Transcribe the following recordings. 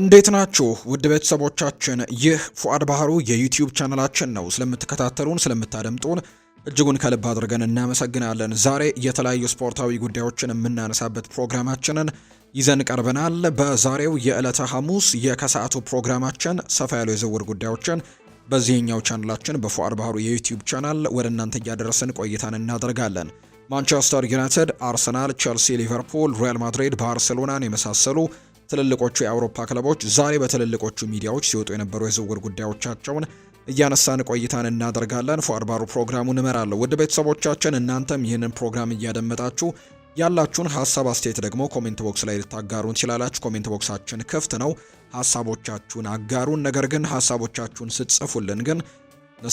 እንዴት ናችሁ ውድ ቤተሰቦቻችን? ይህ ፉአድ ባህሩ የዩቲዩብ ቻናላችን ነው። ስለምትከታተሉን ስለምታደምጡን እጅጉን ከልብ አድርገን እናመሰግናለን። ዛሬ የተለያዩ ስፖርታዊ ጉዳዮችን የምናነሳበት ፕሮግራማችንን ይዘን ቀርበናል። በዛሬው የዕለተ ሐሙስ የከሰዓቱ ፕሮግራማችን ሰፋ ያሉ የዝውውር ጉዳዮችን በዚህኛው ቻናላችን በፉአድ ባህሩ የዩቲዩብ ቻናል ወደ እናንተ እያደረስን ቆይታን እናደርጋለን። ማንቸስተር ዩናይትድ፣ አርሰናል፣ ቸልሲ፣ ሊቨርፑል፣ ሪያል ማድሪድ ባርሴሎናን የመሳሰሉ ትልልቆቹ የአውሮፓ ክለቦች ዛሬ በትልልቆቹ ሚዲያዎች ሲወጡ የነበሩ የዝውውር ጉዳዮቻቸውን እያነሳን ቆይታን እናደርጋለን። ፏአድባሩ ፕሮግራሙን እመራለሁ። ውድ ቤተሰቦቻችን እናንተም ይህንን ፕሮግራም እያደመጣችሁ ያላችሁን ሀሳብ አስተያየት ደግሞ ኮሜንት ቦክስ ላይ ልታጋሩን ትችላላችሁ። ኮሜንት ቦክሳችን ክፍት ነው። ሀሳቦቻችሁን አጋሩን። ነገር ግን ሀሳቦቻችሁን ስትጽፉልን ግን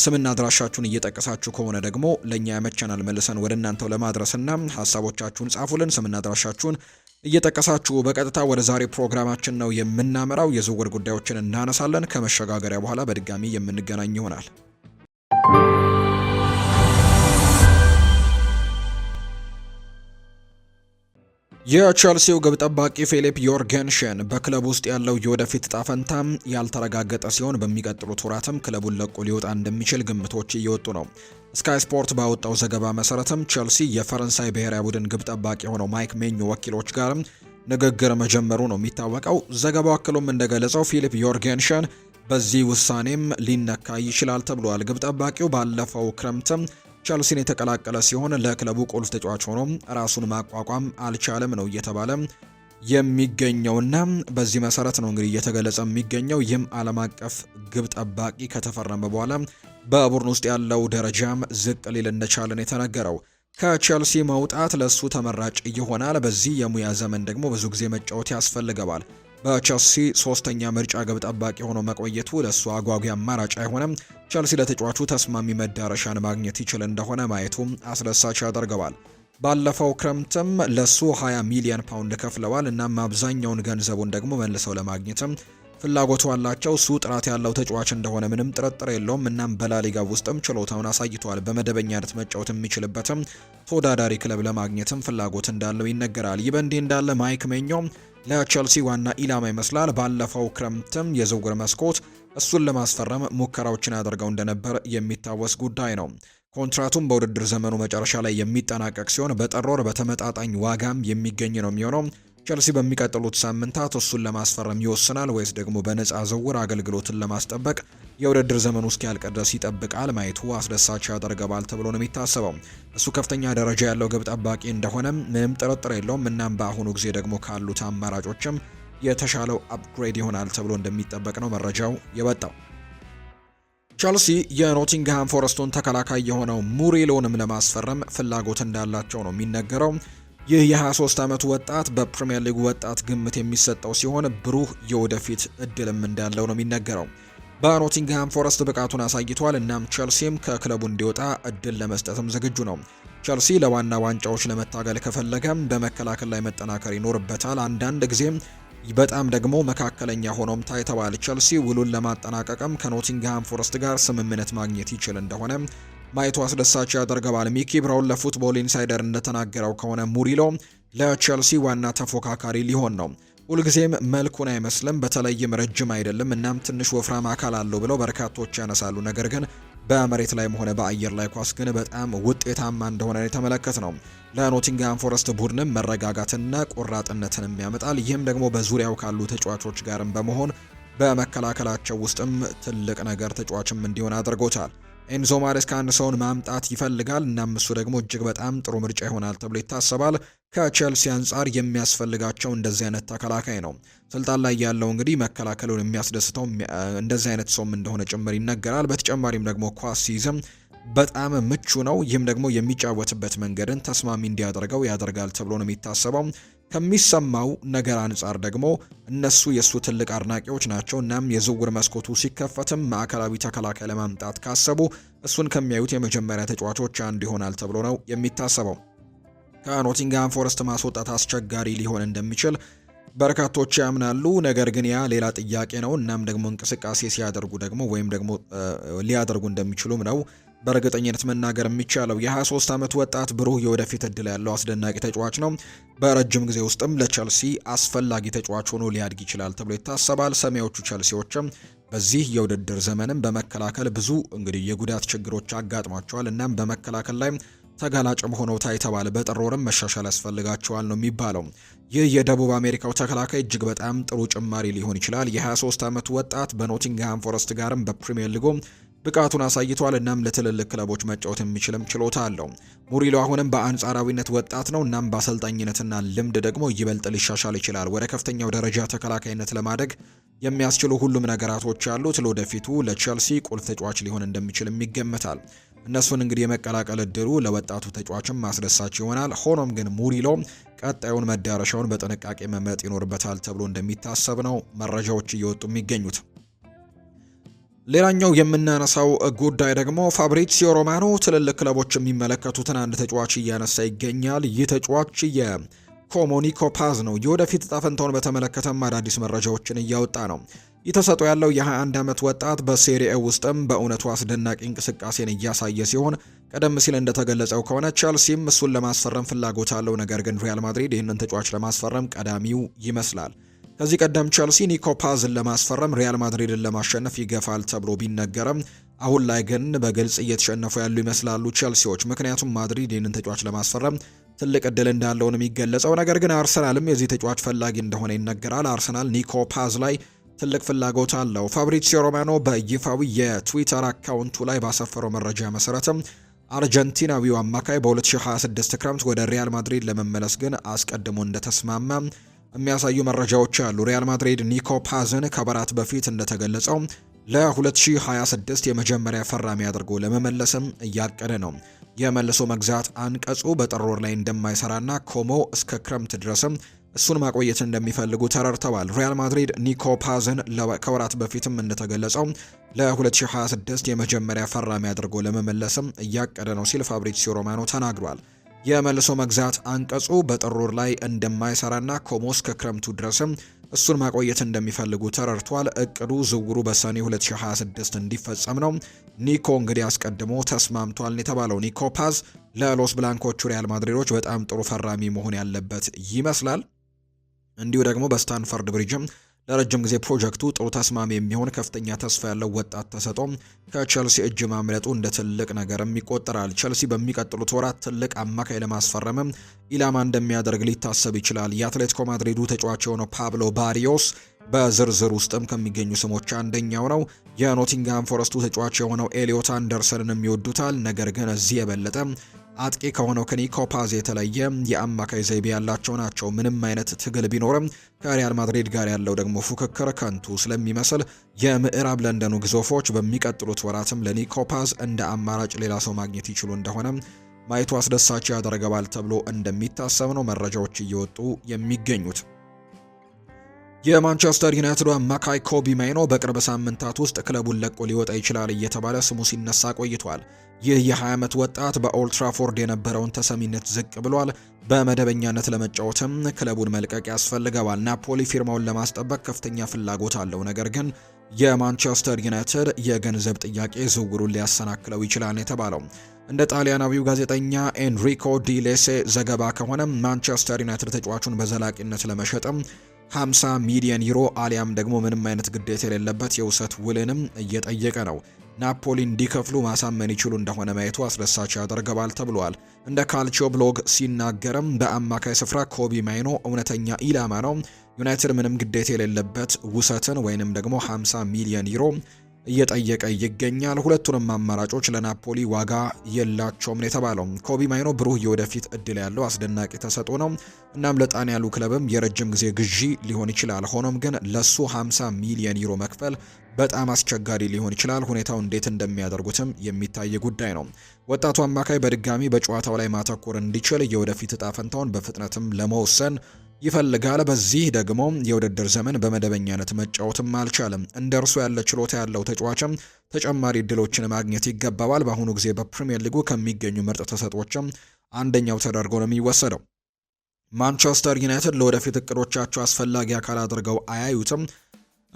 ስምና አድራሻችሁን እየጠቀሳችሁ ከሆነ ደግሞ ለእኛ ያመቸናል መልሰን ወደ እናንተው ለማድረስና ሀሳቦቻችሁን ጻፉልን። ስምና አድራሻችሁን እየጠቀሳችሁ በቀጥታ ወደ ዛሬ ፕሮግራማችን ነው የምናመራው። የዝውውር ጉዳዮችን እናነሳለን። ከመሸጋገሪያ በኋላ በድጋሚ የምንገናኝ ይሆናል። የቸልሲው ግብ ጠባቂ ፊሊፕ ዮርጌንሽን በክለብ ውስጥ ያለው የወደፊት እጣ ፈንታ ያልተረጋገጠ ሲሆን በሚቀጥሉት ወራትም ክለቡን ለቆ ሊወጣ እንደሚችል ግምቶች እየወጡ ነው። ስካይ ስፖርት ባወጣው ዘገባ መሰረትም ቼልሲ የፈረንሳይ ብሔራዊ ቡድን ግብ ጠባቂ የሆነው ማይክ ሜኞ ወኪሎች ጋርም ንግግር መጀመሩ ነው የሚታወቀው። ዘገባው አክሎም እንደገለጸው ፊሊፕ ዮርጌንሽን በዚህ ውሳኔም ሊነካ ይችላል ተብሏል። ግብ ጠባቂው ባለፈው ክረምትም ቸልሲን የተቀላቀለ ሲሆን ለክለቡ ቁልፍ ተጫዋች ሆኖ ራሱን ማቋቋም አልቻለም ነው እየተባለ የሚገኘውና በዚህ መሰረት ነው እንግዲህ እየተገለጸ የሚገኘው ይህም ዓለም አቀፍ ግብ ጠባቂ ከተፈረመ በኋላ በቡድን ውስጥ ያለው ደረጃም ዝቅ ሊል እንደቻለን የተነገረው ከቸልሲ መውጣት ለሱ ተመራጭ ይሆናል። በዚህ የሙያ ዘመን ደግሞ ብዙ ጊዜ መጫወት ያስፈልገዋል። በቸልሲ ሶስተኛ ምርጫ ግብ ጠባቂ ሆኖ መቆየቱ ለእሱ አጓጊ አማራጭ አይሆንም። ቸልሲ ለተጫዋቹ ተስማሚ መዳረሻን ማግኘት ይችል እንደሆነ ማየቱ አስደሳች ያደርገዋል። ባለፈው ክረምትም ለሱ 20 ሚሊዮን ፓውንድ ከፍለዋል። እናም አብዛኛውን ገንዘቡን ደግሞ መልሰው ለማግኘትም ፍላጎቱ አላቸው። እሱ ጥራት ያለው ተጫዋች እንደሆነ ምንም ጥርጥር የለውም። እናም በላሊጋ ውስጥም ችሎታውን አሳይቷል። በመደበኛነት መጫወት የሚችልበትም ተወዳዳሪ ክለብ ለማግኘትም ፍላጎት እንዳለው ይነገራል። ይህ በእንዲህ እንዳለ ማይክ ሜኞም ለቸልሲ ዋና ኢላማ ይመስላል። ባለፈው ክረምትም የዝውውር መስኮት እሱን ለማስፈረም ሙከራዎችን አድርገው እንደነበር የሚታወስ ጉዳይ ነው። ኮንትራቱም በውድድር ዘመኑ መጨረሻ ላይ የሚጠናቀቅ ሲሆን በጠሮር በተመጣጣኝ ዋጋም የሚገኝ ነው የሚሆነው። ቸልሲ በሚቀጥሉት ሳምንታት እሱን ለማስፈረም ይወስናል ወይስ ደግሞ በነፃ ዝውውር አገልግሎትን ለማስጠበቅ የውድድር ዘመኑ እስኪያልቅ ድረስ ይጠብቃል? ማየቱ አስደሳች ያደርገባል ተብሎ ነው የሚታሰበው። እሱ ከፍተኛ ደረጃ ያለው ግብ ጠባቂ እንደሆነም ምንም ጥርጥር የለውም። እናም በአሁኑ ጊዜ ደግሞ ካሉት አማራጮችም የተሻለው አፕግሬድ ይሆናል ተብሎ እንደሚጠበቅ ነው መረጃው የወጣው። ቸልሲ የኖቲንግሃም ፎረስቱን ተከላካይ የሆነው ሙሪሎንም ለማስፈረም ፍላጎት እንዳላቸው ነው የሚነገረው። ይህ የ23 ዓመቱ ወጣት በፕሪምየር ሊግ ወጣት ግምት የሚሰጠው ሲሆን ብሩህ የወደፊት እድልም እንዳለው ነው የሚነገረው። በኖቲንግሃም ፎረስት ብቃቱን አሳይቷል። እናም ቸልሲም ከክለቡ እንዲወጣ እድል ለመስጠትም ዝግጁ ነው። ቸልሲ ለዋና ዋንጫዎች ለመታገል ከፈለገም በመከላከል ላይ መጠናከር ይኖርበታል። አንዳንድ ጊዜም በጣም ደግሞ መካከለኛ ሆኖም ታይተዋል። ቸልሲ ውሉን ለማጠናቀቅም ከኖቲንግሃም ፎረስት ጋር ስምምነት ማግኘት ይችል እንደሆነ ማየቱ አስደሳች ያደርገዋል። ሚኪ ብራውን ለፉትቦል ኢንሳይደር እንደተናገረው ከሆነ ሙሪሎ ለቼልሲ ዋና ተፎካካሪ ሊሆን ነው። ሁልጊዜም መልኩን አይመስልም፣ በተለይም ረጅም አይደለም፣ እናም ትንሽ ወፍራም አካል አለው ብለው በርካቶች ያነሳሉ። ነገር ግን በመሬት ላይም ሆነ በአየር ላይ ኳስ ግን በጣም ውጤታማ እንደሆነ የተመለከት ነው። ለኖቲንግሃም ፎረስት ቡድንም መረጋጋትና ቆራጥነትንም ያመጣል። ይህም ደግሞ በዙሪያው ካሉ ተጫዋቾች ጋርም በመሆን በመከላከላቸው ውስጥም ትልቅ ነገር ተጫዋችም እንዲሆን አድርጎታል። ኤንዞ ማሬስካ ሰውን ማምጣት ይፈልጋል። እናም እሱ ደግሞ እጅግ በጣም ጥሩ ምርጫ ይሆናል ተብሎ ይታሰባል። ከቼልሲ አንጻር የሚያስፈልጋቸው እንደዚህ አይነት ተከላካይ ነው። ስልጣን ላይ ያለው እንግዲህ መከላከሉን የሚያስደስተው እንደዚህ አይነት ሰውም እንደሆነ ጭምር ይነገራል። በተጨማሪም ደግሞ ኳስ ሲይዝም በጣም ምቹ ነው። ይህም ደግሞ የሚጫወትበት መንገድን ተስማሚ እንዲያደርገው ያደርጋል ተብሎ ነው የሚታሰበው። ከሚሰማው ነገር አንጻር ደግሞ እነሱ የእሱ ትልቅ አድናቂዎች ናቸው። እናም የዝውውር መስኮቱ ሲከፈትም ማዕከላዊ ተከላካይ ለማምጣት ካሰቡ እሱን ከሚያዩት የመጀመሪያ ተጫዋቾች አንዱ ይሆናል ተብሎ ነው የሚታሰበው። ከኖቲንግሃም ፎረስት ማስወጣት አስቸጋሪ ሊሆን እንደሚችል በርካቶች ያምናሉ። ነገር ግን ያ ሌላ ጥያቄ ነው። እናም ደግሞ እንቅስቃሴ ሲያደርጉ ደግሞ ወይም ደግሞ ሊያደርጉ እንደሚችሉም ነው በእርግጠኝነት መናገር የሚቻለው የ23 ዓመት ወጣት ብሩህ የወደፊት እድል ያለው አስደናቂ ተጫዋች ነው። በረጅም ጊዜ ውስጥም ለቸልሲ አስፈላጊ ተጫዋች ሆኖ ሊያድግ ይችላል ተብሎ ይታሰባል። ሰማያዊዎቹ ቸልሲዎችም በዚህ የውድድር ዘመንም በመከላከል ብዙ እንግዲህ የጉዳት ችግሮች አጋጥሟቸዋል። እናም በመከላከል ላይ ተጋላጭ መሆነው ታይተዋል። በጥር ወርም መሻሻል ያስፈልጋቸዋል ነው የሚባለው። ይህ የደቡብ አሜሪካው ተከላካይ እጅግ በጣም ጥሩ ጭማሪ ሊሆን ይችላል። የ23 ዓመቱ ወጣት በኖቲንግሃም ፎረስት ጋርም በፕሪምየር ሊጎ ብቃቱን አሳይቷል። እናም ለትልልቅ ክለቦች መጫወት የሚችልም ችሎታ አለው። ሙሪሎ አሁንም በአንጻራዊነት ወጣት ነው። እናም በአሰልጣኝነትና ልምድ ደግሞ ይበልጥ ሊሻሻል ይችላል። ወደ ከፍተኛው ደረጃ ተከላካይነት ለማደግ የሚያስችሉ ሁሉም ነገራቶች ያሉት ለወደፊቱ ለቼልሲ ቁልፍ ተጫዋች ሊሆን እንደሚችልም ይገመታል። እነሱን እንግዲህ የመቀላቀል እድሉ ለወጣቱ ተጫዋችም አስደሳች ይሆናል። ሆኖም ግን ሙሪሎ ቀጣዩን መዳረሻውን በጥንቃቄ መምረጥ ይኖርበታል ተብሎ እንደሚታሰብ ነው መረጃዎች እየወጡ የሚገኙት። ሌላኛው የምናነሳው ጉዳይ ደግሞ ፋብሪሲዮ ሮማኖ ትልልቅ ክለቦች የሚመለከቱትን አንድ ተጫዋች እያነሳ ይገኛል። ይህ ተጫዋች የኮሞ ኒኮ ፓዝ ነው። የወደፊት እጣ ፈንታውን በተመለከተም አዳዲስ መረጃዎችን እያወጣ ነው። የተሰጦ ያለው የ21 ዓመት ወጣት በሴሪኤ ውስጥም በእውነቱ አስደናቂ እንቅስቃሴን እያሳየ ሲሆን ቀደም ሲል እንደተገለጸው ከሆነ ቼልሲም እሱን ለማስፈረም ፍላጎት አለው። ነገር ግን ሪያል ማድሪድ ይህንን ተጫዋች ለማስፈረም ቀዳሚው ይመስላል። ከዚህ ቀደም ቸልሲ ኒኮ ፓዝን ለማስፈረም ሪያል ማድሪድን ለማሸነፍ ይገፋል ተብሎ ቢነገረም አሁን ላይ ግን በግልጽ እየተሸነፉ ያሉ ይመስላሉ ቸልሲዎች። ምክንያቱም ማድሪድ ይህንን ተጫዋች ለማስፈረም ትልቅ እድል እንዳለው ነው የሚገለጸው። ነገር ግን አርሰናልም የዚህ ተጫዋች ፈላጊ እንደሆነ ይነገራል። አርሰናል ኒኮ ፓዝ ላይ ትልቅ ፍላጎት አለው። ፋብሪዚዮ ሮማኖ በይፋዊ የትዊተር አካውንቱ ላይ ባሰፈረው መረጃ መሰረትም አርጀንቲናዊው አማካይ በ2026 ክረምት ወደ ሪያል ማድሪድ ለመመለስ ግን አስቀድሞ እንደተስማማ የሚያሳዩ መረጃዎች አሉ። ሪያል ማድሪድ ኒኮ ፓዝን ከበራት በፊት እንደተገለጸው ለ2026 የመጀመሪያ ፈራሚ አድርጎ ለመመለስም እያቀደ ነው። የመልሶ መግዛት አንቀጹ በጥር ወር ላይ እንደማይሰራና ኮሞ እስከ ክረምት ድረስም እሱን ማቆየት እንደሚፈልጉ ተረድተዋል። ሪያል ማድሪድ ኒኮ ፓዝን ከወራት በፊትም እንደተገለጸው ለ2026 የመጀመሪያ ፈራሚ አድርጎ ለመመለስም እያቀደ ነው ሲል ፋብሪዚዮ ሮማኖ ተናግሯል። የመልሶ መግዛት አንቀጹ በጥሩር ላይ እንደማይሰራና ኮሞስ ከክረምቱ ድረስም እሱን ማቆየት እንደሚፈልጉ ተረድቷል። እቅዱ ዝውሩ በሰኔ 2026 እንዲፈጸም ነው። ኒኮ እንግዲህ አስቀድሞ ተስማምቷል የተባለው ኒኮ ፓዝ ለሎስ ብላንኮቹ ሪያል ማድሪዶች በጣም ጥሩ ፈራሚ መሆን ያለበት ይመስላል። እንዲሁ ደግሞ በስታንፈርድ ብሪጅም ለረጅም ጊዜ ፕሮጀክቱ ጥሩ ተስማሚ የሚሆን ከፍተኛ ተስፋ ያለው ወጣት ተሰጦ ከቸልሲ እጅ ማምለጡ እንደ ትልቅ ነገርም ይቆጠራል። ቸልሲ በሚቀጥሉት ወራት ትልቅ አማካይ ለማስፈረምም ኢላማ እንደሚያደርግ ሊታሰብ ይችላል። የአትሌቲኮ ማድሪዱ ተጫዋች የሆነው ፓብሎ ባሪዮስ በዝርዝር ውስጥም ከሚገኙ ስሞች አንደኛው ነው። የኖቲንግሃም ፎረስቱ ተጫዋች የሆነው ኤሊዮት አንደርሰንንም ይወዱታል። ነገር ግን እዚህ የበለጠ አጥቂ ከሆነው ከኒኮ ፓዝ የተለየ የአማካይ ዘይቤ ያላቸው ናቸው። ምንም አይነት ትግል ቢኖርም ከሪያል ማድሪድ ጋር ያለው ደግሞ ፉክክር ከንቱ ስለሚመስል የምዕራብ ለንደኑ ግዙፎች በሚቀጥሉት ወራትም ለኒኮ ፓዝ እንደ አማራጭ ሌላ ሰው ማግኘት ይችሉ እንደሆነ ማየቱ አስደሳች ያደርገዋል ተብሎ እንደሚታሰብ ነው መረጃዎች እየወጡ የሚገኙት። የማንቸስተር ዩናይትዱ አማካይ ኮቢ ማይኖ በቅርብ ሳምንታት ውስጥ ክለቡን ለቆ ሊወጣ ይችላል እየተባለ ስሙ ሲነሳ ቆይቷል። ይህ የ20 ዓመት ወጣት በኦልትራፎርድ የነበረውን ተሰሚነት ዝቅ ብሏል። በመደበኛነት ለመጫወትም ክለቡን መልቀቅ ያስፈልገዋል። ናፖሊ ፊርማውን ለማስጠበቅ ከፍተኛ ፍላጎት አለው፣ ነገር ግን የማንቸስተር ዩናይትድ የገንዘብ ጥያቄ ዝውውሩን ሊያሰናክለው ይችላል የተባለው እንደ ጣሊያናዊው ጋዜጠኛ ኤንሪኮ ዲሌሴ ዘገባ ከሆነ ማንቸስተር ዩናይትድ ተጫዋቹን በዘላቂነት ለመሸጥም 50 ሚሊዮን ዩሮ አሊያም ደግሞ ምንም አይነት ግዴታ የሌለበት የውሰት ውልንም እየጠየቀ ነው። ናፖሊ እንዲከፍሉ ማሳመን ይችሉ እንደሆነ ማየቱ አስደሳች ያደርገዋል ተብሏል። እንደ ካልቾ ብሎግ ሲናገርም በአማካይ ስፍራ ኮቢ ማይኖ እውነተኛ ኢላማ ነው። ዩናይትድ ምንም ግዴታ የሌለበት ውሰትን ወይንም ደግሞ 50 ሚሊዮን ዩሮ እየጠየቀ ይገኛል። ሁለቱንም አማራጮች ለናፖሊ ዋጋ የላቸውም ነው የተባለው። ኮቢ ማይኖ ብሩህ የወደፊት እድል ያለው አስደናቂ ተሰጦ ነው። እናም ለጣን ያሉ ክለብም የረጅም ጊዜ ግዢ ሊሆን ይችላል። ሆኖም ግን ለሱ 50 ሚሊዮን ዩሮ መክፈል በጣም አስቸጋሪ ሊሆን ይችላል። ሁኔታው እንዴት እንደሚያደርጉትም የሚታይ ጉዳይ ነው። ወጣቱ አማካይ በድጋሚ በጨዋታው ላይ ማተኮር እንዲችል የወደፊት እጣ ፈንታውን በፍጥነትም ለመወሰን ይፈልጋል። በዚህ ደግሞ የውድድር ዘመን በመደበኛነት መጫወትም አልቻለም። እንደ እርሱ ያለ ችሎታ ያለው ተጫዋችም ተጨማሪ እድሎችን ማግኘት ይገባዋል። በአሁኑ ጊዜ በፕሪምየር ሊጉ ከሚገኙ ምርጥ ተሰጦችም አንደኛው ተደርጎ ነው የሚወሰደው። ማንቸስተር ዩናይትድ ለወደፊት እቅዶቻቸው አስፈላጊ አካል አድርገው አያዩትም።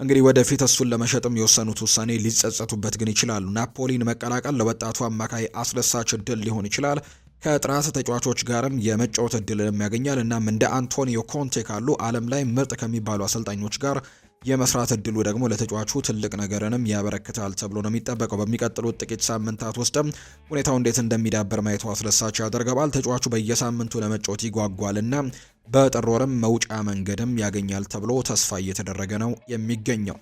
እንግዲህ ወደፊት እሱን ለመሸጥም የወሰኑት ውሳኔ ሊጸጸቱበት ግን ይችላሉ። ናፖሊን መቀላቀል ለወጣቱ አማካይ አስደሳች እድል ሊሆን ይችላል። ከጥራት ተጫዋቾች ጋርም የመጫወት እድልንም ያገኛል። እናም እንደ አንቶኒዮ ኮንቴ ካሉ ዓለም ላይ ምርጥ ከሚባሉ አሰልጣኞች ጋር የመስራት እድሉ ደግሞ ለተጫዋቹ ትልቅ ነገርንም ያበረክታል ተብሎ ነው የሚጠበቀው። በሚቀጥሉት ጥቂት ሳምንታት ውስጥም ሁኔታው እንዴት እንደሚዳበር ማየቱ አስደሳች ያደርገዋል። ተጫዋቹ በየሳምንቱ ለመጫወት ይጓጓልና በጥር ወርም መውጫ መንገድም ያገኛል ተብሎ ተስፋ እየተደረገ ነው የሚገኘው።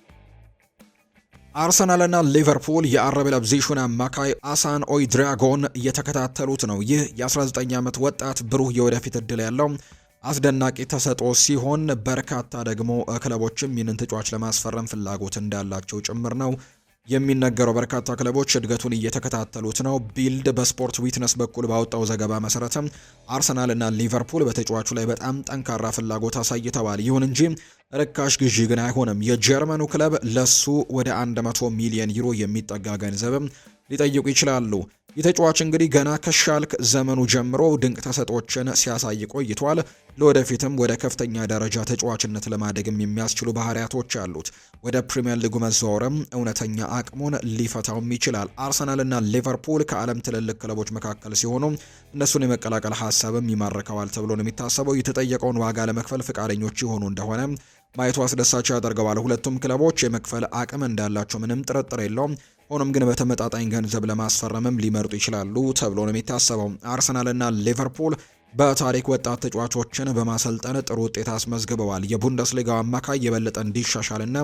አርሰናልና ሊቨርፑል የአረብ ለብዚሹን አማካይ አሳን ኦይ ድራጎን እየተከታተሉት ነው። ይህ የ19 ዓመት ወጣት ብሩህ የወደፊት እድል ያለው አስደናቂ ተሰጦ ሲሆን በርካታ ደግሞ ክለቦችም ይህንን ተጫዋች ለማስፈረም ፍላጎት እንዳላቸው ጭምር ነው የሚነገረው በርካታ ክለቦች እድገቱን እየተከታተሉት ነው። ቢልድ በስፖርት ዊትነስ በኩል ባወጣው ዘገባ መሰረትም አርሰናል እና ሊቨርፑል በተጫዋቹ ላይ በጣም ጠንካራ ፍላጎት አሳይተዋል። ይሁን እንጂ ርካሽ ግዢ ግን አይሆንም። የጀርመኑ ክለብ ለሱ ወደ 100 ሚሊዮን ዩሮ የሚጠጋ ገንዘብም ሊጠይቁ ይችላሉ። የተጫዋች እንግዲህ ገና ከሻልክ ዘመኑ ጀምሮ ድንቅ ተሰጦችን ሲያሳይ ቆይቷል። ለወደፊትም ወደ ከፍተኛ ደረጃ ተጫዋችነት ለማደግም የሚያስችሉ ባህሪያቶች አሉት። ወደ ፕሪምየር ሊጉ መዛወርም እውነተኛ አቅሙን ሊፈታውም ይችላል። አርሰናልና ሊቨርፑል ከዓለም ትልልቅ ክለቦች መካከል ሲሆኑ እነሱን የመቀላቀል ሀሳብም ይማርከዋል ተብሎ ነው የሚታሰበው። የተጠየቀውን ዋጋ ለመክፈል ፈቃደኞች የሆኑ እንደሆነ ማየቱ አስደሳች ያደርገዋል። ሁለቱም ክለቦች የመክፈል አቅም እንዳላቸው ምንም ጥርጥር የለውም። ሆኖም ግን በተመጣጣኝ ገንዘብ ለማስፈረምም ሊመርጡ ይችላሉ ተብሎ ነው የሚታሰበው። አርሰናልና ሊቨርፑል በታሪክ ወጣት ተጫዋቾችን በማሰልጠን ጥሩ ውጤት አስመዝግበዋል። የቡንደስሊጋው አማካይ የበለጠ እንዲሻሻልና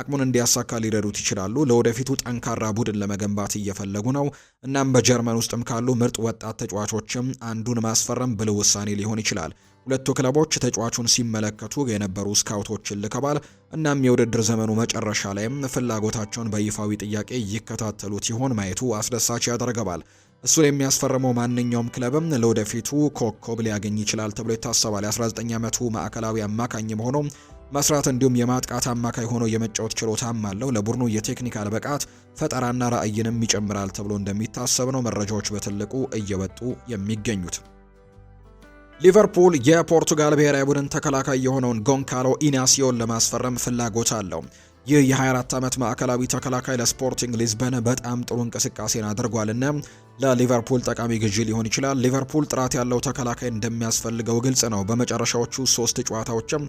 አቅሙን እንዲያሳካ ሊረዱት ይችላሉ። ለወደፊቱ ጠንካራ ቡድን ለመገንባት እየፈለጉ ነው። እናም በጀርመን ውስጥም ካሉ ምርጥ ወጣት ተጫዋቾችም አንዱን ማስፈረም ብልህ ውሳኔ ሊሆን ይችላል። ሁለቱ ክለቦች ተጫዋቹን ሲመለከቱ የነበሩ ስካውቶችን ልከባል። እናም የውድድር ዘመኑ መጨረሻ ላይም ፍላጎታቸውን በይፋዊ ጥያቄ ይከታተሉት ይሆን ማየቱ አስደሳች ያደርገዋል። እሱን የሚያስፈርመው ማንኛውም ክለብም ለወደፊቱ ኮከብ ሊያገኝ ይችላል ተብሎ ይታሰባል። የ19 ዓመቱ ማዕከላዊ አማካኝ ሆኖ መስራት እንዲሁም የማጥቃት አማካይ ሆኖ የመጫወት ችሎታም አለው። ለቡድኑ የቴክኒካል ብቃት ፈጠራና ራዕይንም ይጨምራል ተብሎ እንደሚታሰብ ነው መረጃዎች በትልቁ እየወጡ የሚገኙት። ሊቨርፑል የፖርቱጋል ብሔራዊ ቡድን ተከላካይ የሆነውን ጎንካሎ ኢናሲዮን ለማስፈረም ፍላጎት አለው። ይህ የ24 ዓመት ማዕከላዊ ተከላካይ ለስፖርቲንግ ሊዝበን በጣም ጥሩ እንቅስቃሴን አድርጓልና ለሊቨርፑል ጠቃሚ ግዢ ሊሆን ይችላል። ሊቨርፑል ጥራት ያለው ተከላካይ እንደሚያስፈልገው ግልጽ ነው። በመጨረሻዎቹ ሶስት ጨዋታዎችም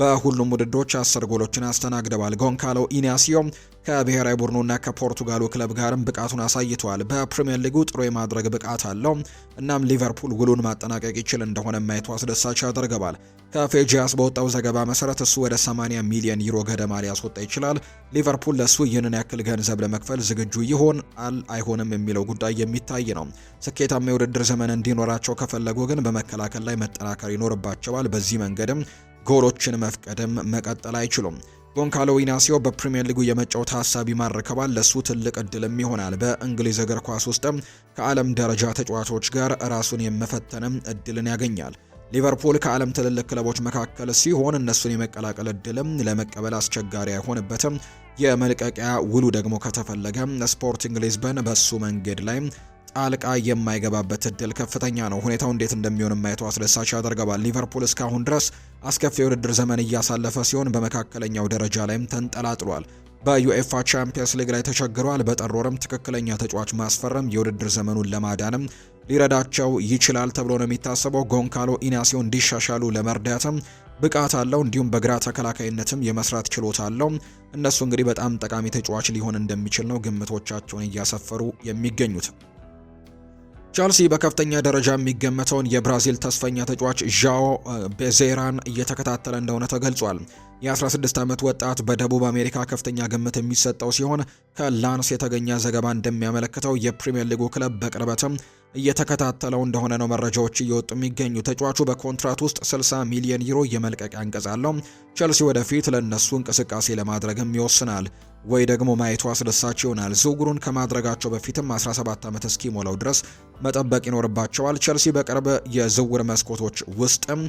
በሁሉም ውድድሮች አስር ጎሎችን አስተናግደዋል። ጎንካሎ ኢናሲዮ ከብሔራዊ ቡድኑና ከፖርቱጋሉ ክለብ ጋርም ብቃቱን አሳይተዋል። በፕሪምየር ሊጉ ጥሩ የማድረግ ብቃት አለው። እናም ሊቨርፑል ውሉን ማጠናቀቅ ይችል እንደሆነ ማየቱ አስደሳች ያደርገዋል። ከፌጂያስ በወጣው ዘገባ መሰረት እሱ ወደ 80 ሚሊዮን ዩሮ ገደማ ሊያስወጣ ይችላል። ሊቨርፑል ለእሱ ይህንን ያክል ገንዘብ ለመክፈል ዝግጁ ይሆን አል አይሆንም የሚለው ጉዳይ የሚታይ ነው። ስኬታማ የውድድር ዘመን እንዲኖራቸው ከፈለጉ ግን በመከላከል ላይ መጠናከር ይኖርባቸዋል። በዚህ መንገድም ጎሎችን መፍቀድም መቀጠል አይችሉም። ጎንካሎ ኢናሲዮ በፕሪምየር ሊጉ የመጫወት ሀሳብ ይማርከባል። ለሱ ትልቅ እድልም ይሆናል። በእንግሊዝ እግር ኳስ ውስጥም ከዓለም ደረጃ ተጫዋቾች ጋር ራሱን የመፈተንም እድልን ያገኛል። ሊቨርፑል ከዓለም ትልልቅ ክለቦች መካከል ሲሆን እነሱን የመቀላቀል እድልም ለመቀበል አስቸጋሪ አይሆንበትም። የመልቀቂያ ውሉ ደግሞ ከተፈለገ ስፖርቲንግ ሊዝበን በሱ መንገድ ላይ ጣልቃ የማይገባበት እድል ከፍተኛ ነው። ሁኔታው እንዴት እንደሚሆን ማየቱ አስደሳች ያደርገዋል። ሊቨርፑል እስካሁን ድረስ አስከፊ የውድድር ዘመን እያሳለፈ ሲሆን በመካከለኛው ደረጃ ላይም ተንጠላጥሏል። በዩኤፋ ቻምፒየንስ ሊግ ላይ ተቸግሯል። በጠሮርም ትክክለኛ ተጫዋች ማስፈረም የውድድር ዘመኑን ለማዳንም ሊረዳቸው ይችላል ተብሎ ነው የሚታሰበው። ጎንካሎ ኢናሲዮ እንዲሻሻሉ ለመርዳትም ብቃት አለው። እንዲሁም በግራ ተከላካይነትም የመስራት ችሎታ አለው። እነሱ እንግዲህ በጣም ጠቃሚ ተጫዋች ሊሆን እንደሚችል ነው ግምቶቻቸውን እያሰፈሩ የሚገኙት። ቻልሲ በከፍተኛ ደረጃ የሚገመተውን የብራዚል ተስፈኛ ተጫዋች ዣኦ ቤዜራን እየተከታተለ እንደሆነ ተገልጿል። የ16 ዓመት ወጣት በደቡብ አሜሪካ ከፍተኛ ግምት የሚሰጠው ሲሆን ከላንስ የተገኘ ዘገባ እንደሚያመለክተው የፕሪምየር ሊጉ ክለብ በቅርበትም እየተከታተለው እንደሆነ ነው መረጃዎች እየወጡ የሚገኙ። ተጫዋቹ በኮንትራት ውስጥ 60 ሚሊዮን ዩሮ የመልቀቂያ አንቀጽ አለው። ቸልሲ ወደፊት ለእነሱ እንቅስቃሴ ለማድረግም ይወስናል። ወይ ደግሞ ማየቱ አስደሳች ይሆናል። ዝውውሩን ከማድረጋቸው በፊትም 17 ዓመት እስኪሞላው ድረስ መጠበቅ ይኖርባቸዋል። ቸልሲ በቅርብ የዝውውር መስኮቶች ውስጥም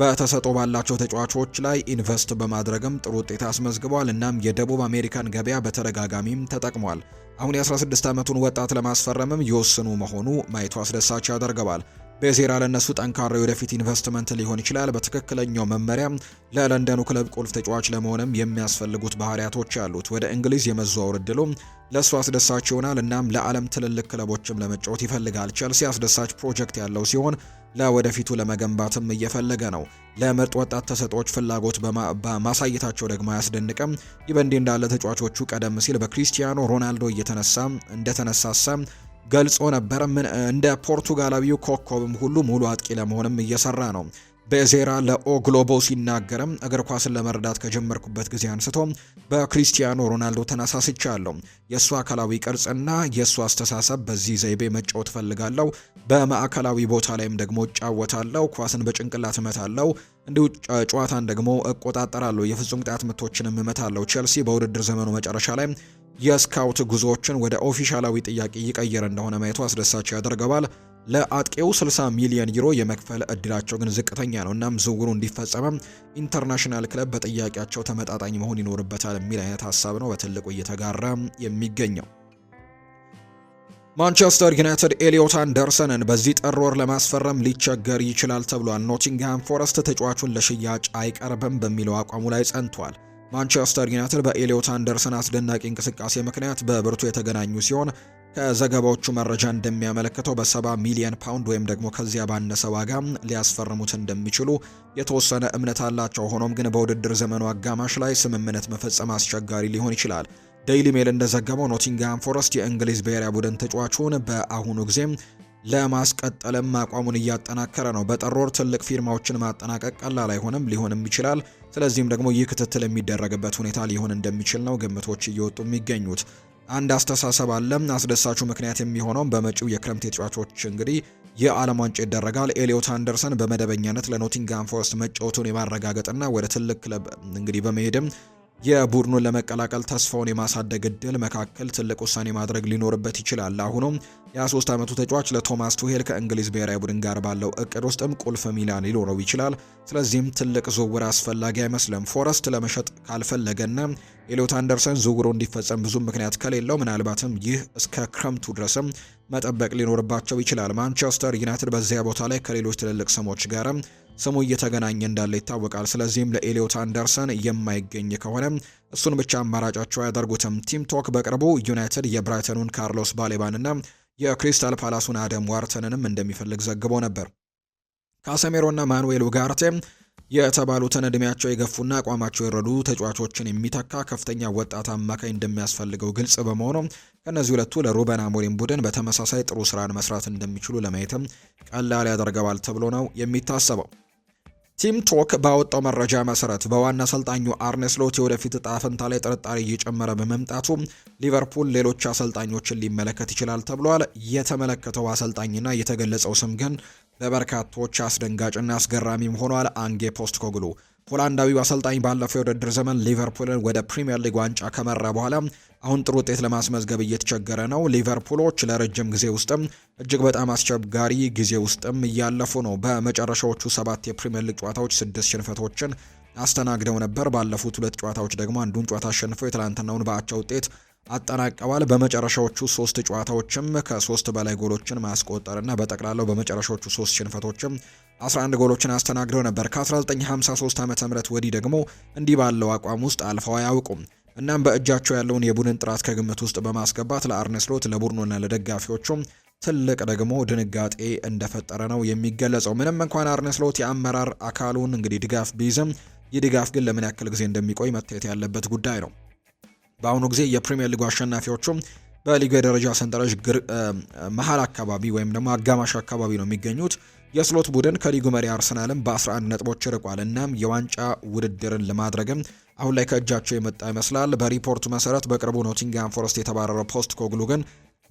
በተሰጦ ባላቸው ተጫዋቾች ላይ ኢንቨስት በማድረግም ጥሩ ውጤት አስመዝግቧል። እናም የደቡብ አሜሪካን ገበያ በተደጋጋሚም ተጠቅሟል። አሁን የ16 ዓመቱን ወጣት ለማስፈረምም የወሰኑ መሆኑ ማየቱ አስደሳች ያደርገዋል። ቤዜራ ለነሱ ጠንካራ የወደፊት ኢንቨስትመንት ሊሆን ይችላል። በትክክለኛው መመሪያ ለለንደኑ ክለብ ቁልፍ ተጫዋች ለመሆንም የሚያስፈልጉት ባህሪያቶች አሉት። ወደ እንግሊዝ የመዘዋወር እድሉ ለእሱ አስደሳች ይሆናል። እናም ለዓለም ትልልቅ ክለቦችም ለመጫወት ይፈልጋል። ቸልሲ አስደሳች ፕሮጀክት ያለው ሲሆን ለወደፊቱ ለመገንባትም እየፈለገ ነው። ለምርጥ ወጣት ተሰጦች ፍላጎት በማሳየታቸው ደግሞ አያስደንቅም። ይህ በእንዲህ እንዳለ ተጫዋቾቹ ቀደም ሲል በክሪስቲያኖ ሮናልዶ እየተነሳ እንደተነሳሳ ገልጾ ነበር። ምን እንደ ፖርቱጋላዊው ኮከብም ሁሉ ሙሉ አጥቂ ለመሆንም እየሰራ ነው። በዜራ ለኦ ግሎቦ ሲናገርም እግር ኳስን ለመረዳት ከጀመርኩበት ጊዜ አንስቶ በክሪስቲያኖ ሮናልዶ ተነሳስቻለሁ። የእሱ አካላዊ ቅርጽና የእሱ አስተሳሰብ በዚህ ዘይቤ መጫወት ፈልጋለሁ። በማዕከላዊ ቦታ ላይም ደግሞ እጫወታለሁ። ኳስን በጭንቅላት እመታለሁ፣ እንዲሁ ጨዋታን ደግሞ እቆጣጠራለሁ። የፍጹም ቅጣት ምቶችንም እመታለሁ። ቼልሲ በውድድር ዘመኑ መጨረሻ ላይ የስካውት ጉዞዎችን ወደ ኦፊሻላዊ ጥያቄ ይቀየር እንደሆነ ማየቱ አስደሳች ያደርገዋል። ለአጥቂው 60 ሚሊዮን ዩሮ የመክፈል እድላቸው ግን ዝቅተኛ ነው። እናም ዝውውሩ እንዲፈጸመም ኢንተርናሽናል ክለብ በጥያቄያቸው ተመጣጣኝ መሆን ይኖርበታል የሚል አይነት ሀሳብ ነው በትልቁ እየተጋራ የሚገኘው። ማንቸስተር ዩናይትድ ኤሊዮት አንደርሰንን በዚህ ጥር ወር ለማስፈረም ሊቸገር ይችላል ተብሏል። ኖቲንግሃም ፎረስት ተጫዋቹን ለሽያጭ አይቀርብም በሚለው አቋሙ ላይ ጸንቷል። ማንቸስተር ዩናይትድ በኤሊዮት አንደርሰን አስደናቂ እንቅስቃሴ ምክንያት በብርቱ የተገናኙ ሲሆን ከዘገባዎቹ መረጃ እንደሚያመለክተው በ70 ሚሊዮን ፓውንድ ወይም ደግሞ ከዚያ ባነሰ ዋጋ ሊያስፈርሙት እንደሚችሉ የተወሰነ እምነት አላቸው። ሆኖም ግን በውድድር ዘመኑ አጋማሽ ላይ ስምምነት መፈጸም አስቸጋሪ ሊሆን ይችላል። ዴይሊ ሜል እንደዘገበው ኖቲንግሃም ፎረስት የእንግሊዝ ብሔራዊ ቡድን ተጫዋቹን በአሁኑ ጊዜም ለማስቀጠልም አቋሙን እያጠናከረ ነው። በጠሮር ትልቅ ፊርማዎችን ማጠናቀቅ ቀላል አይሆንም፣ ሊሆንም ይችላል ስለዚህም ደግሞ ይህ ክትትል የሚደረግበት ሁኔታ ሊሆን እንደሚችል ነው ግምቶች እየወጡ የሚገኙት። አንድ አስተሳሰብ አለ። አስደሳቹ ምክንያት የሚሆነውም በመጪው የክረምት የተጫዋቾች እንግዲህ የዓለም ዋንጫ ይደረጋል። ኤሊዮት አንደርሰን በመደበኛነት ለኖቲንግሃም ፎረስት መጫወቱን የማረጋገጥና ወደ ትልቅ ክለብ እንግዲህ በመሄድም የቡድኑን ለመቀላቀል ተስፋውን የማሳደግ እድል መካከል ትልቅ ውሳኔ ማድረግ ሊኖርበት ይችላል። አሁኑም የ23 ዓመቱ ተጫዋች ለቶማስ ቱሄል ከእንግሊዝ ብሔራዊ ቡድን ጋር ባለው እቅድ ውስጥም ቁልፍ ሚላን ሊኖረው ይችላል። ስለዚህም ትልቅ ዝውውር አስፈላጊ አይመስልም። ፎረስት ለመሸጥ ካልፈለገና ኤሊዮት አንደርሰን ዝውውሩ እንዲፈጸም ብዙ ምክንያት ከሌለው ምናልባትም ይህ እስከ ክረምቱ ድረስም መጠበቅ ሊኖርባቸው ይችላል። ማንቸስተር ዩናይትድ በዚያ ቦታ ላይ ከሌሎች ትልልቅ ስሞች ጋርም ስሙ እየተገናኘ እንዳለ ይታወቃል። ስለዚህም ለኤሊዮት አንደርሰን የማይገኝ ከሆነ እሱን ብቻ አማራጫቸው አያደርጉትም። ቲም ቶክ በቅርቡ ዩናይትድ የብራይተኑን ካርሎስ ባሌባንና የክሪስታል ፓላሱን አደም ዋርተንንም እንደሚፈልግ ዘግቦ ነበር። ካሰሜሮና ማኑኤል ኡጋርቴ የተባሉትን እድሜያቸው የገፉና አቋማቸው የረዱ ተጫዋቾችን የሚተካ ከፍተኛ ወጣት አማካኝ እንደሚያስፈልገው ግልጽ በመሆኑ ከእነዚህ ሁለቱ ለሩበን አሞሪም ቡድን በተመሳሳይ ጥሩ ስራን መስራት እንደሚችሉ ለማየትም ቀላል ያደርገዋል ተብሎ ነው የሚታሰበው። ቲም ቶክ ባወጣው መረጃ መሰረት በዋና አሰልጣኙ አርኔ ስሎት የወደፊት እጣ ፈንታ ላይ ጥርጣሬ እየጨመረ በመምጣቱ ሊቨርፑል ሌሎች አሰልጣኞችን ሊመለከት ይችላል ተብሏል። የተመለከተው አሰልጣኝና የተገለጸው ስም ግን ለበርካቶች አስደንጋጭና አስገራሚም ሆኗል። አንጌ ፖስት ኮግሉ ሆላንዳዊው አሰልጣኝ ባለፈው የውድድር ዘመን ሊቨርፑልን ወደ ፕሪምየር ሊግ ዋንጫ ከመራ በኋላ አሁን ጥሩ ውጤት ለማስመዝገብ እየተቸገረ ነው። ሊቨርፑሎች ለረጅም ጊዜ ውስጥም እጅግ በጣም አስቸጋሪ ጊዜ ውስጥም እያለፉ ነው። በመጨረሻዎቹ ሰባት የፕሪምየር ሊግ ጨዋታዎች ስድስት ሽንፈቶችን አስተናግደው ነበር። ባለፉት ሁለት ጨዋታዎች ደግሞ አንዱን ጨዋታ አሸንፈው የትላንትናውን በአቻ ውጤት አጠናቀዋል። በመጨረሻዎቹ ሶስት ጨዋታዎችም ከሶስት በላይ ጎሎችን ማስቆጠርና በጠቅላላው በመጨረሻዎቹ ሶስት ሽንፈቶችም 11 ጎሎችን አስተናግደው ነበር። ከ1953 ዓመተ ምህረት ወዲህ ደግሞ እንዲህ ባለው አቋም ውስጥ አልፈው አያውቁም። እናም በእጃቸው ያለውን የቡድን ጥራት ከግምት ውስጥ በማስገባት ለአርነስሎት ስሎት ለቡድኑና ለደጋፊዎቹም ትልቅ ደግሞ ድንጋጤ እንደፈጠረ ነው የሚገለጸው። ምንም እንኳን አርነ የአመራር አካሉን እንግዲህ ድጋፍ ቢይዝም ይህ ድጋፍ ግን ለምን ያክል ጊዜ እንደሚቆይ መታየት ያለበት ጉዳይ ነው። በአሁኑ ጊዜ የፕሪምየር ሊጉ አሸናፊዎቹም በሊጉ የደረጃ ሰንጠረዥ መሀል አካባቢ ወይም ደግሞ አጋማሽ አካባቢ ነው የሚገኙት። የስሎት ቡድን ከሊጉ መሪ አርሰናልም በ11 ነጥቦች ርቋል። እናም የዋንጫ ውድድርን ለማድረግም አሁን ላይ ከእጃቸው የመጣ ይመስላል። በሪፖርቱ መሰረት በቅርቡ ኖቲንግሃም ፎረስት የተባረረው ፖስት ኮግሉ ግን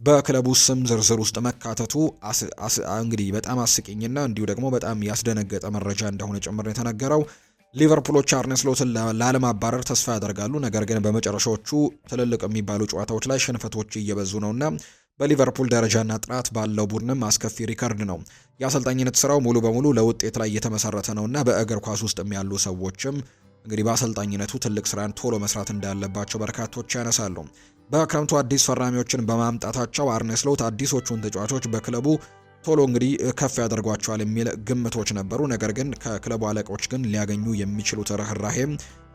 በክለቡ ስም ዝርዝር ውስጥ መካተቱ እንግዲህ በጣም አስቂኝና እንዲሁ ደግሞ በጣም ያስደነገጠ መረጃ እንደሆነ ጭምር የተነገረው ሊቨርፑሎች አርነ ስሎትን ላለማባረር ተስፋ ያደርጋሉ። ነገር ግን በመጨረሻዎቹ ትልልቅ የሚባሉ ጨዋታዎች ላይ ሽንፈቶች እየበዙ ነውና በሊቨርፑል ደረጃና ጥራት ባለው ቡድንም አስከፊ ሪከርድ ነው። የአሰልጣኝነት ስራው ሙሉ በሙሉ ለውጤት ላይ እየተመሰረተ ነውና በእግር ኳስ ውስጥ ያሉ ሰዎችም እንግዲህ በአሰልጣኝነቱ ትልቅ ስራን ቶሎ መስራት እንዳለባቸው በርካቶች ያነሳሉ። በክረምቱ አዲስ ፈራሚዎችን በማምጣታቸው አርነ ስሎት አዲሶቹን ተጫዋቾች በክለቡ ቶሎ እንግዲህ ከፍ ያደርጓቸዋል የሚል ግምቶች ነበሩ። ነገር ግን ከክለቡ አለቆች ግን ሊያገኙ የሚችሉት ርህራሄ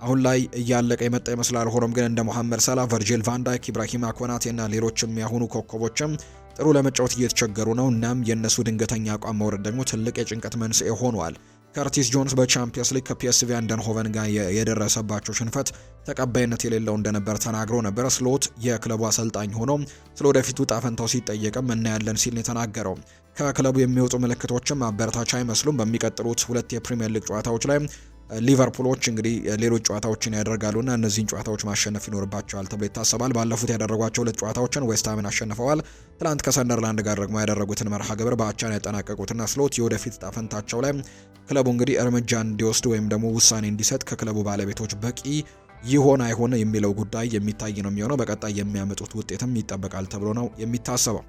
አሁን ላይ እያለቀ የመጣ ይመስላል። ሆኖም ግን እንደ ሞሐመድ ሳላ፣ ቨርጂል ቫንዳይክ፣ ኢብራሂማ ኮናቴና ሌሎችም ያሁኑ ኮከቦችም ጥሩ ለመጫወት እየተቸገሩ ነው። እናም የእነሱ ድንገተኛ አቋም መውረድ ደግሞ ትልቅ የጭንቀት መንስኤ ሆኗል። ከርቲስ ጆንስ በቻምፒየንስ ሊግ ከፒኤስቪ አይንድሆቨን ጋር የደረሰባቸው ሽንፈት ተቀባይነት የሌለው እንደነበር ተናግሮ ነበር። ስሎት የክለቡ አሰልጣኝ ሆኖ ስለ ወደፊቱ ጣፈንታው ሲጠየቅም እናያለን ሲል የተናገረው ከክለቡ የሚወጡ ምልክቶችም አበረታች አይመስሉም። በሚቀጥሉት ሁለት የፕሪምየር ሊግ ጨዋታዎች ላይ ሊቨርፑሎች እንግዲህ ሌሎች ጨዋታዎችን ያደርጋሉና እነዚህን ጨዋታዎች ማሸነፍ ይኖርባቸዋል ተብሎ ይታሰባል። ባለፉት ያደረጓቸው ሁለት ጨዋታዎችን ዌስትሃምን አሸንፈዋል። ትላንት ከሰንደርላንድ ጋር ደግሞ ያደረጉትን መርሃ ግብር በአቻን ያጠናቀቁትና ስሎት የወደፊት ጣፈንታቸው ላይ ክለቡ እንግዲህ እርምጃ እንዲወስድ ወይም ደግሞ ውሳኔ እንዲሰጥ ከክለቡ ባለቤቶች በቂ ይሆን አይሆን የሚለው ጉዳይ የሚታይ ነው የሚሆነው። በቀጣይ የሚያመጡት ውጤትም ይጠበቃል ተብሎ ነው የሚታሰበው።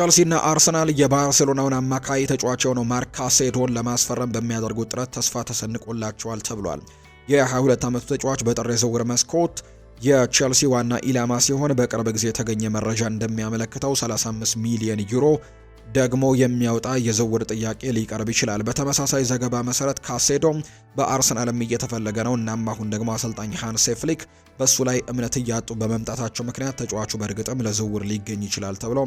ቸልሲና አርሰናል የባርሴሎናውን አማካይ ተጫዋች የሆነው ማርክ ካሴዶን ለማስፈረም በሚያደርጉት ጥረት ተስፋ ተሰንቆላቸዋል ተብሏል። የ22 ዓመቱ ተጫዋች በጥር የዝውውር መስኮት የቸልሲ ዋና ኢላማ ሲሆን በቅርብ ጊዜ የተገኘ መረጃ እንደሚያመለክተው 35 ሚሊዮን ዩሮ ደግሞ የሚያወጣ የዝውውር ጥያቄ ሊቀርብ ይችላል። በተመሳሳይ ዘገባ መሰረት ካሴዶ በአርሰናልም እየተፈለገ ነው። እናም አሁን ደግሞ አሰልጣኝ ሃንሴ ፍሊክ በእሱ ላይ እምነት እያጡ በመምጣታቸው ምክንያት ተጫዋቹ በእርግጥም ለዝውውር ሊገኝ ይችላል ተብሎ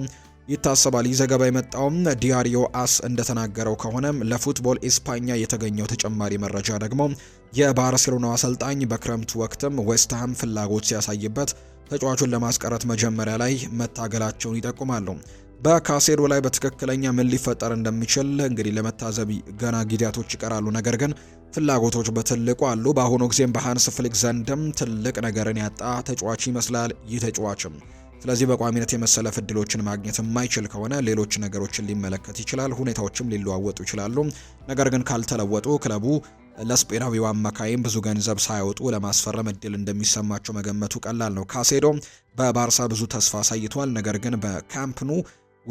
ይታሰባል። ይህ ዘገባ የመጣውም ዲያሪዮ አስ እንደተናገረው ከሆነም ለፉትቦል ኢስፓኛ የተገኘው ተጨማሪ መረጃ ደግሞ የባርሴሎናው አሰልጣኝ በክረምቱ ወቅትም ዌስትሃም ፍላጎት ሲያሳይበት ተጫዋቹን ለማስቀረት መጀመሪያ ላይ መታገላቸውን ይጠቁማሉ። በካሴዶ ላይ በትክክለኛ ምን ሊፈጠር እንደሚችል እንግዲህ ለመታዘብ ገና ጊዜያቶች ይቀራሉ። ነገር ግን ፍላጎቶች በትልቁ አሉ። በአሁኑ ጊዜም በሃንስ ፍሊክ ዘንድም ትልቅ ነገርን ያጣ ተጫዋች ይመስላል። ይህ ተጫዋችም ስለዚህ በቋሚነት የመሰለፍ እድሎችን ማግኘት የማይችል ከሆነ ሌሎች ነገሮችን ሊመለከት ይችላል። ሁኔታዎችም ሊለዋወጡ ይችላሉ። ነገር ግን ካልተለወጡ ክለቡ ለስፔናዊው አማካይም ብዙ ገንዘብ ሳያወጡ ለማስፈረም እድል እንደሚሰማቸው መገመቱ ቀላል ነው። ካሴዶ በባርሳ ብዙ ተስፋ አሳይቷል። ነገር ግን በካምፕኑ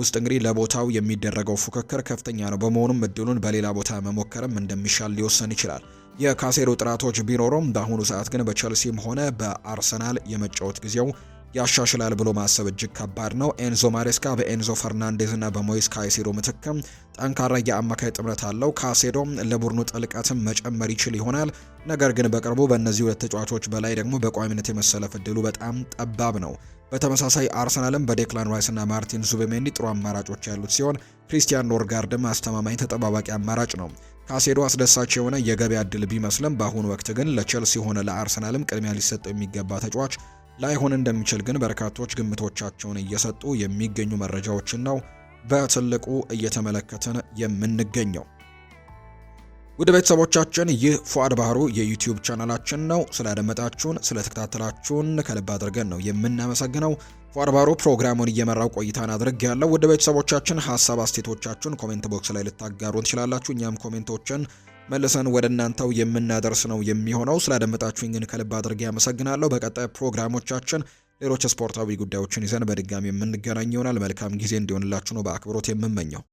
ውስጥ እንግዲህ ለቦታው የሚደረገው ፉክክር ከፍተኛ ነው። በመሆኑም እድሉን በሌላ ቦታ መሞከርም እንደሚሻል ሊወሰን ይችላል። የካሴዶ ጥራቶች ቢኖሩም በአሁኑ ሰዓት ግን በቸልሲም ሆነ በአርሰናል የመጫወት ጊዜው ያሻሽላል ብሎ ማሰብ እጅግ ከባድ ነው። ኤንዞ ማሬስካ በኤንዞ ፈርናንዴዝ እና በሞይስ ካይሴዶ ምትክም ጠንካራ የአማካይ ጥምረት አለው። ካሴዶ ለቡድኑ ጥልቀትም መጨመር ይችል ይሆናል። ነገር ግን በቅርቡ በእነዚህ ሁለት ተጫዋቾች በላይ ደግሞ በቋሚነት የመሰለፍ እድሉ በጣም ጠባብ ነው። በተመሳሳይ አርሰናልም በዴክላን ራይስና ማርቲን ዙቤሜንዲ ጥሩ አማራጮች ያሉት ሲሆን ክሪስቲያን ኖርጋርድም አስተማማኝ ተጠባባቂ አማራጭ ነው። ካሴዶ አስደሳች የሆነ የገበያ እድል ቢመስልም በአሁኑ ወቅት ግን ለቼልሲ ሆነ ለአርሰናልም ቅድሚያ ሊሰጠው የሚገባ ተጫዋች ላይሆን እንደሚችል ግን በርካቶች ግምቶቻቸውን እየሰጡ የሚገኙ መረጃዎችን ነው በትልቁ እየተመለከትን የምንገኘው። ውድ ቤተሰቦቻችን ይህ ፉአድ ባህሩ የዩቲዩብ ቻናላችን ነው። ስላደመጣችሁን፣ ስለተከታተላችሁን ከልብ አድርገን ነው የምናመሰግነው። ፉአድ ባህሩ ፕሮግራሙን እየመራው ቆይታን አድርግ ያለው። ውድ ቤተሰቦቻችን ሀሳብ አስቴቶቻችሁን ኮሜንት ቦክስ ላይ ልታጋሩን ትችላላችሁ። እኛም ኮሜንቶችን መልሰን ወደ እናንተው የምናደርስ ነው የሚሆነው። ስላደመጣችሁኝ ግን ከልብ አድርጌ አመሰግናለሁ። በቀጣይ ፕሮግራሞቻችን ሌሎች ስፖርታዊ ጉዳዮችን ይዘን በድጋሚ የምንገናኝ ይሆናል። መልካም ጊዜ እንዲሆንላችሁ ነው በአክብሮት የምመኘው።